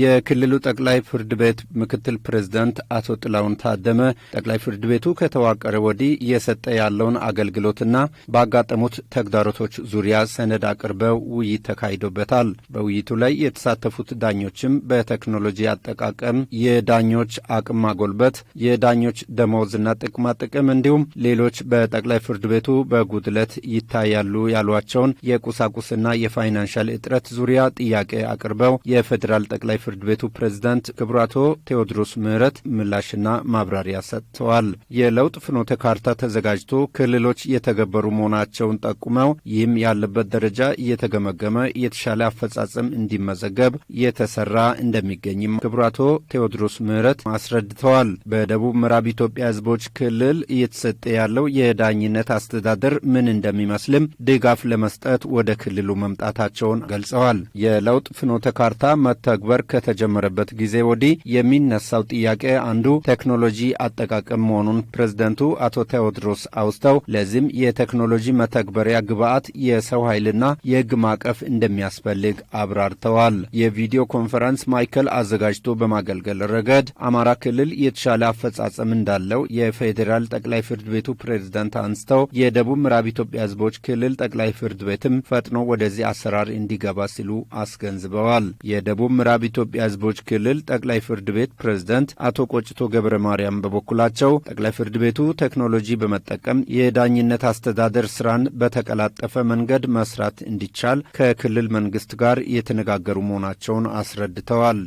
የክልሉ ጠቅላይ ፍርድ ቤት ምክትል ፕሬዝዳንት አቶ ጥላውን ታደመ ጠቅላይ ፍርድ ቤቱ ከተዋቀረ ወዲህ እየሰጠ ያለውን አገልግሎትና ባጋጠሙት ተግዳሮቶች ዙሪያ ሰነድ አቅርበው ውይይት ተካሂዶበታል። በውይይቱ ላይ የተሳተፉት ዳኞችም በቴክኖሎጂ አጠቃቀም፣ የዳኞች አቅም ማጎልበት፣ የዳኞች ደመወዝና ጥቅማ ጥቅም እንዲሁም ሌሎች በጠቅላይ ፍርድ ቤቱ በጉድለት ይታያሉ ያሏቸውን የቁሳቁስና የፋይናንሻል እጥረት ዙሪያ ጥያቄ አቅርበው የፌዴራል ጠቅላይ ፍርድ ቤቱ ፕሬዝዳንት ክቡር አቶ ቴዎድሮስ ምህረት ምላሽና ማብራሪያ ሰጥተዋል። የለውጥ ፍኖተ ካርታ ተዘጋጅቶ ክልሎች እየተገበሩ መሆናቸውን ጠቁመው ይህም ያለበት ደረጃ እየተገመገመ የተሻለ አፈጻጸም እንዲመዘገብ የተሰራ እንደሚገኝም ክቡር አቶ ቴዎድሮስ ምህረት አስረድተዋል። በደቡብ ምዕራብ ኢትዮጵያ ህዝቦች ክልል እየተሰጠ ያለው የዳኝነት አስተዳደር ምን እንደሚመስልም ድጋፍ ለመስጠት ወደ ክልሉ መምጣታቸውን ገልጸዋል። የለውጥ ፍኖተ ካርታ መተግበር ከተጀመረበት ጊዜ ወዲህ የሚነሳው ጥያቄ አንዱ ቴክኖሎጂ አጠቃቀም መሆኑን ፕሬዝደንቱ አቶ ቴዎድሮስ አውስተው ለዚህም የቴክኖሎጂ መተግበሪያ ግብዓት የሰው ኃይልና የህግ ማዕቀፍ እንደሚያስፈልግ አብራርተዋል። የቪዲዮ ኮንፈረንስ ማዕከል አዘጋጅቶ በማገልገል ረገድ አማራ ክልል የተሻለ አፈጻጸም እንዳለው የፌዴራል ጠቅላይ ፍርድ ቤቱ ፕሬዝዳንት አንስተው የደቡብ ምዕራብ ኢትዮጵያ ህዝቦች ክልል ጠቅላይ ፍርድ ቤትም ፈጥኖ ወደዚህ አሰራር እንዲገባ ሲሉ አስገንዝበዋል። የደቡብ ምዕራብ የኢትዮጵያ ህዝቦች ክልል ጠቅላይ ፍርድ ቤት ፕሬዝደንት አቶ ቆጭቶ ገብረ ማርያም በበኩላቸው ጠቅላይ ፍርድ ቤቱ ቴክኖሎጂ በመጠቀም የዳኝነት አስተዳደር ስራን በተቀላጠፈ መንገድ መስራት እንዲቻል ከክልል መንግስት ጋር የተነጋገሩ መሆናቸውን አስረድተዋል።